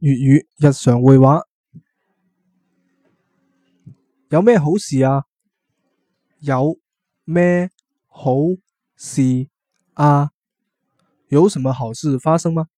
粵語日常會話，有咩好事啊？有咩好事啊？有什麼好事發生嗎？